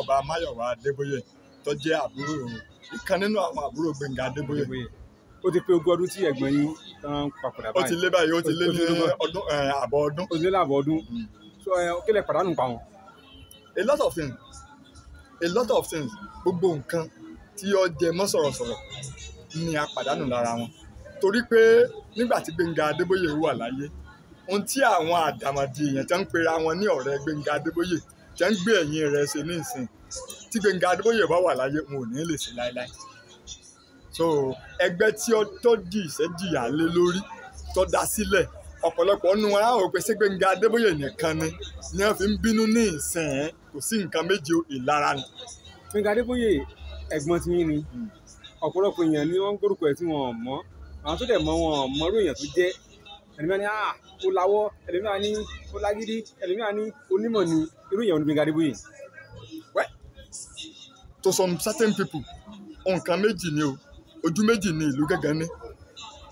ọba Máyọ̀wá Adébóyè tó jẹ́ àbúrò ìkan nínú àwọn àbúrò Gbẹ́ngà Adébóyè ó ti pé ogún ọdún tí ẹ̀gbọ́n yín tán papòdà báyìí ó ti lé báyìí ó ti lé ní ọdún eh, àbọ̀ ọdún ó ti lé láàbọ̀ ọdún mm. so eh, kí lẹ pàdánù pa wọn. a lot of things a lot of things gbogbo nǹkan tí ó jẹ mọ́ sọ̀rọ̀sọ̀rọ̀ ni a pàdánù lára wọn torí pé nígbà tí Gbẹ́ngà Adébóyè wà láyé ohun tí àwọn àdàmàdì èèyàn ti ń pera wọn ní ọ̀rẹ́ Gbẹ́ngà Adébóyè jẹ́ ń gbé ẹ̀yìn rẹ̀ ṣe ní ìsìn tí Gbẹ̀ngà Adébóyè bá wà láyé wọn ò ní lè ṣe láéláé so ẹgbẹ́ tí ó tó di ìṣẹ́jìyà lé lórí tó dá sílẹ̀ ọ̀pọ̀lọpọ̀ nu ara ò pé ṣé Gbẹ̀ngà Adébóyè nìkan ni ni wọ́n fi ń bínú ní ìsìn kò sí nǹkan méje ìlara ni. Gbẹ̀ngà Adébóyè ẹ̀gbọ́n ti yín ni hmm. ọ̀pọ̀lọpọ̀ èèyàn ni wọ́n ń gbórúkọ ẹ̀ tí wọ́n mọ̀ àwọn tó dẹ̀ mọ̀ ẹlòmíà ní ah ó lawọ́ ẹlòmíà ní ó lágídí ẹlòmíà ní onímọ̀ ni irú ìyẹn olùgbìn gàdébù yìí. wẹ́ to some certain people nǹkan méjì ni o ojú méjì ni ìlú gángan ní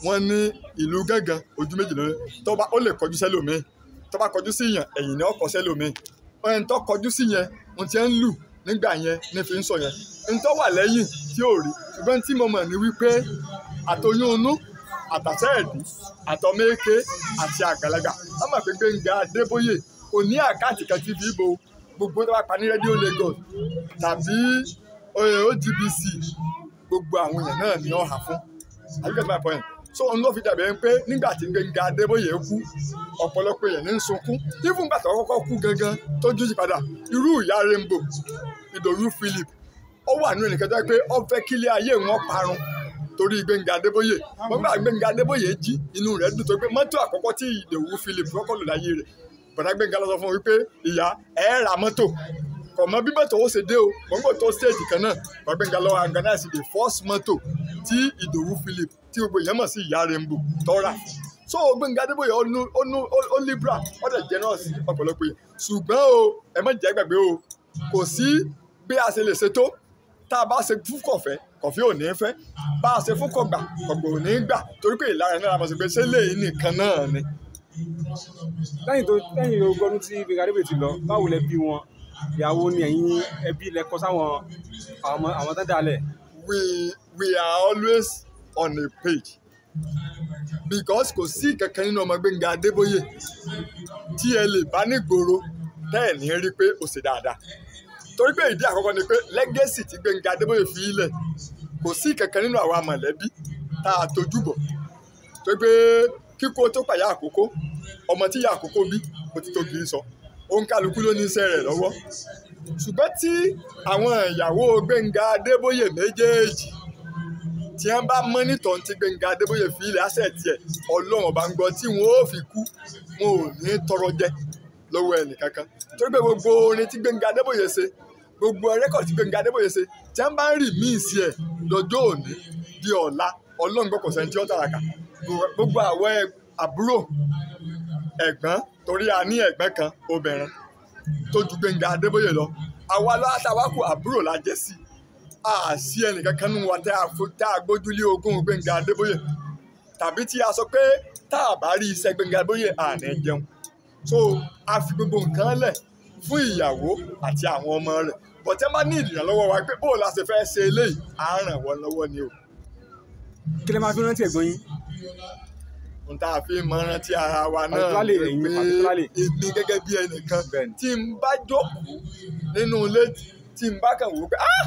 wọ́n ní ìlú gángan ojú méjì ni tó bá ó lè kọjú sẹ́lòmíì tó bá kọjú sí yàn ẹ̀yìn ni ó kọ sẹ́lòmíì ẹni tó kọjú sí yẹn mo ti ń lù nígbà yẹn ní fi ń sọ yẹn ń tó wà lẹ́yìn tí ò rí ṣùgbọ́n tí mo mọ̀ ní wípé àtọyún inú àtàsẹ́ẹ̀dì àtọ́mẹ́kẹ́ àti àgbàlagbà wọ́n mọ̀ pé Gbénga Adébóyè kò ní àkáǹtì kan tí fi bo gbogbo tó bá pa ní rédíò Lagos tàbí OGBC gbogbo àwọn èèyàn náà ni wọ́n hà fún àyíkẹ́ tó máa pọ̀ yẹn so òun ló fi dàbí ẹni pé nígbà tí Gbénga Adébóyè kú ọ̀pọ̀lọpọ̀ èèyàn ní sunkún even gbà tó kọ́kọ́ kú gangan tó jú ìpadà irú ìyá Rainbow Ìdòwú Philip ó wà nínú ẹnìkan tó yẹ pé torí Gbẹ́ngà Adébóyè bọ́gbà Gbẹ́ngà Adébóyè jí inú rẹ̀ dùn tó pé mọ́tò àkọ́kọ́ tí Ìdòwú Philip kọ́kọ́ lò láyé rẹ̀ bọ̀dá Gbẹ́ngà lọ sọ fún wípé ìyá ẹ ra mọ́tò kò mọ bí mọ́tò ó ṣe dé o mọ́gbọ́n tó stage kan náà bọ̀dá Gbẹ́ngà lọ́wọ́ organize the first mọ́tò tí Ìdòwú Philip tí gbogbo èèyàn mọ̀ sí ìyá Rainbow tọ́ra so Gbẹ́ngà Adébóyè ọnu ọnu ó libra ọ̀dẹ̀ generous ọ̀pọ̀lọpọ̀ yẹn ṣùgbọ́n o ẹ má jẹ́ gbàgbé o kò sí bí a ṣe lè ṣe tó tá a bá ṣe fúkọ̀fẹ́ kọ̀fí ò ní fẹ́ bá a ṣe fún kọ̀gbà kọ̀gbà ò ní gbà torí pé ìlara ẹ̀ náà mo sì pé ṣé lè nìkan náà ni. lẹ́yìn tó lẹ́yìn ogọ́dún tí Gbenga ti lọ báwo lẹ bí wọn ìyàwó ni ẹ̀yin ẹbí lẹ kọ́ sáwọn àwọn tó dalẹ̀. we we are always on a page because kò sí kankan nínú ọmọ Gbenga Adébóyè tí ẹ lè bá nígboro tẹ́ ẹ̀ ní rí pé ó ṣe dáadáa torí pé ìdí àkọ́kọ́ ni pé lẹ́gẹ́sì tí Gbẹ́ngà Adébóyè fi ilẹ̀ kò sí kankan nínú àwa mọ̀lẹ́bí tá a tojú bọ̀ torí pé kíkó tó pàyà àkókò ọmọ tí ìyá àkókò bí kò ti tó kì í sọ òun kálukú ló ní iṣẹ́ rẹ̀ lọ́wọ́ ṣùgbọ́n tí àwọn ìyàwó Gbẹ́ngà Adébóyè méjèèjì tí wọ́n bá mọ́nítọ̀ ti Gbẹ́ngà Adébóyè fi ilẹ̀ àṣẹ tiẹ̀ ọlọ́run bá ń gbọ́ tí wọ́n ó fi kú wọn ò ní tọrọ jẹ lọ́wọ́ ẹnì kankan torí pé gbogbo orin tí Gbẹ́ngà Adébóyè ṣe gbogbo rẹ́kọ̀dì Gbẹ́ngà Adébóyè ṣe tí wọ́n bá ń rí míì sí ẹ̀ òní di ọla ọlọ́run gbọ́kọ̀ sẹ́ni tí gbogbo àwọn àbúrò ẹ̀gbọ́n torí a ní ẹ̀gbọ́n kan obìnrin tó ju Gbẹ́ngà Adébóyè lọ àwa látàwákù àbúrò la jẹ́ sí a sí ẹnìkan kan nínú wa tá a gbójúlé ogún Gbẹ́ngà Adébóyè tàbí tí a sọ pé tá a bá rí iṣẹ́ àná jẹun so a fi gbogbo nǹkan lẹ̀ fún ìyàwó àti àwọn ọmọ rẹ̀ bọ̀tẹ́ má ní ìdìrànlọ́wọ́ wa pé bó o la ṣe fẹ́ ṣe eléyìí à ń ràn wọ́n lọ́wọ́ ni o. kí lè máa fi rántí ẹ̀gbọ́n yín. n ta fi mọ rántí ara wa náà pé èmi gẹ́gẹ́ bí ẹnìkan tí n bá jókòó nínú ilé tí n bá kàn wò pé ah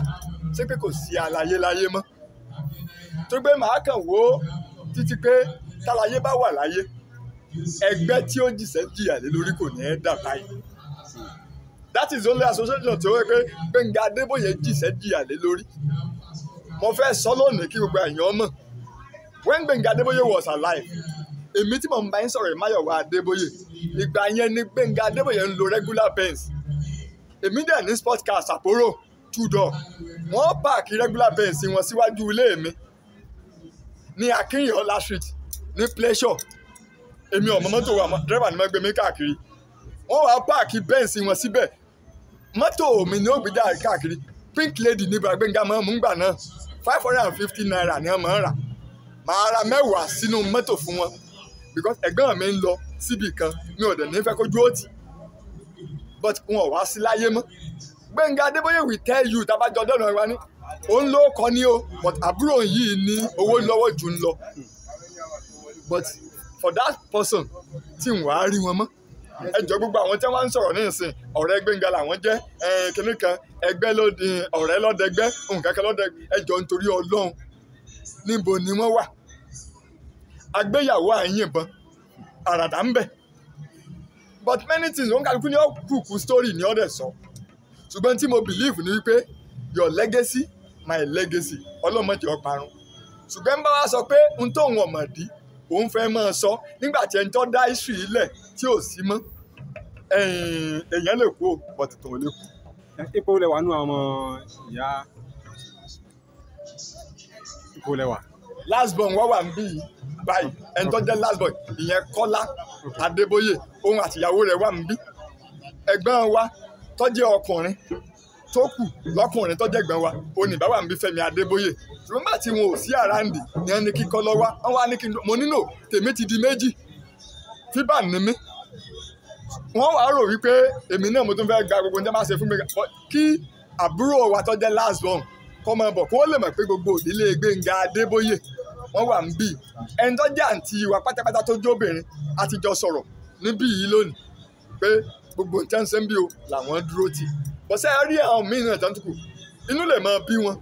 ṣé pé kò sí àlàyé láyé mọ́ tó gbé màá kàn wò ó títí pé tàlàyé bá wà láyé ẹgbẹ́ tí ó jìṣẹ́ jìyà lé lórí kò ní í dà báyìí that is only association tí ó wẹ́ pé Gbẹ́ngà Adébóyè jìṣẹ́ jìyà lé lórí mo fẹ́ sọ lónìí kí gbogbo èèyàn mọ̀ when Gbẹ́ngà Adébóyè was alive èmi tí mo ń bá yín sọ̀rọ̀ Máyọ̀wá Adébóyè ìgbà yẹn ni Gbẹ́ngà Adébóyè ń lo regular pens èmi dẹ̀ ní sport car Sapporo two door wọ́n páàkì regular pens wọn síwájú ilé mi ní Akínyọ̀lá street ní pleasure èmi ọ̀mọ́mọ́tò wa dẹ́rẹ́bà ni mo gbé mi káàkiri wọ́n wá páàkì bẹ́ǹsì wọn síbẹ̀ mọ́tò mi ni ó gbé dà káàkiri pink lady ní gbàgbéǹga mọ́ mú gbà náà five hundred and fifty naira ni wọ́n máa ń rà màá ra mẹ́wàá sínú mọ́tò fún wọn because ẹ̀gbọ́n mi ń lọ síbi kan mi ò dẹ̀ ní fẹ́ kójú òtì but wọn ò wá sí láyé mọ́ gbẹ̀ngà adébóyè we tell you tabajọ dọ̀nà wa ni òun ló kọ́ ni o but àbúrò yìí ní owó lọ́wọ́ jù ń lọ but for that person tí n wàá rí wọn mọ́ ẹ jọ gbogbo àwọn tí wọ́n ń sọ̀rọ̀ ní ìsìn ọ̀rẹ́ Gbẹ́ngà làwọn jẹ́ kínní kan ẹgbẹ́ lóde ọ̀rẹ́ lọ́dẹgbẹ́ nǹkan kan lọ́dẹ ẹ jọ nítorí Ọlọ́run níbo ni wọ́n wà agbéyàwó àyìnbọn àràdà ń bẹ but many things wọn kàlùkù ní ọ kùkù story ní ọdẹ sọ ṣùgbọ́n tí mo believe ni wípé your legacy my legacy ọlọ́mọdé ọparun ṣùgbọ́n bá wa sọ pé n tó ń wọ̀mọ̀dí òun fẹ́ máa sọ nígbà tí ẹni tó dá issue ilẹ̀ tí ò sí mọ́ èèyàn lè kú o bọ̀tì tó lè kú. ipò lẹwà nù àwọn ọmọ ìyá ipò lẹwà. last born wọ́n wà ń bí báyìí ẹni tó jẹ́ last born ìyẹn Kọ́lá Adébóyè òun àtìyàwó rẹ̀ wà ń bí ẹ̀gbọ́n wa tó jẹ́ ọkùnrin tó kù lọ́kùnrin tó jẹ́ ẹ̀gbọ́n wa oníbà ń bí Fẹ́mi Adébóyè ṣùgbọ́n bá wọn ò sí àràǹdì ni ẹni kíkọ́ lọ́wọ́ wọn wá ní kí n mo nínú tèmi ti di méjì fíbà ní mi wọ́n wá rò wípé èmi náà mo tún fẹ́ gba gbogbo níjẹ́ máa ṣe fún mi kí àbúrò wa tó jẹ́ last born kọ́ mọ bọ̀ kó lè mọ̀ pé gbogbo ìdílé Gbénga Adébóyè wọ́n wà ń bì ẹni tó jẹ́ àǹtí wa pátápátá tó jóbìnrin a ti níbí yìí lónìí pé gbogbo nǹkan ṣe ń bí o làwọn dúró ti bọ́sẹ̀ rí àwọn míì náà tán tukù inú lè mọ bí wọn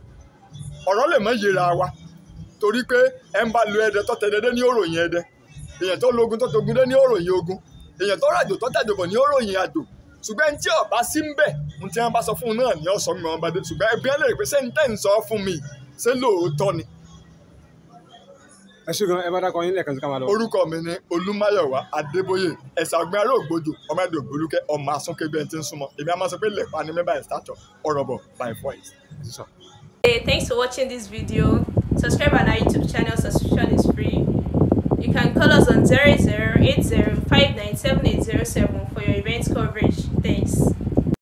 ọ̀rọ̀ lè mọ yẹra wa torí pé ẹ ń bá lu ẹdẹ tó tẹdẹdẹ ní òròyìn ẹdẹ èèyàn tó lógun tó togun dé ní òròyìn ogun èèyàn tó ràjò tó tàjọbọ̀ ni ó ròyìn àjò ṣùgbọ́n ẹni tí ọba sí ń bẹ̀ ń tí wọ́n bá sọ fún un náà ni ó mi wọn bá dé ṣùgbọ́n ẹbí ẹ pé ṣé ń tẹ̀ ń sọ fún mi ṣé lóòótọ́ ni. ẹ ṣùgbọ́n ẹ bá dákọ yín lẹ́ẹ̀kan sí ká máa lọ. orúkọ mi ni olúmáyọ̀wá adébóyè ẹ̀sà ọ̀gbìn aróògbòjò ọmọ ẹ̀dùn ògbólúkẹ́ ọmọ asúnkẹ́gbẹ́ ti ń súnmọ́ èmi á sọ pé lẹ́pa ni mẹ́bà ẹ̀ sátọ̀ ọ̀rọ̀ bọ̀ by voice. Hey, thanks for watching this video. Subscribe on our YouTube channel. Subscription is free. You can call us on 0080 for your event coverage. Thanks.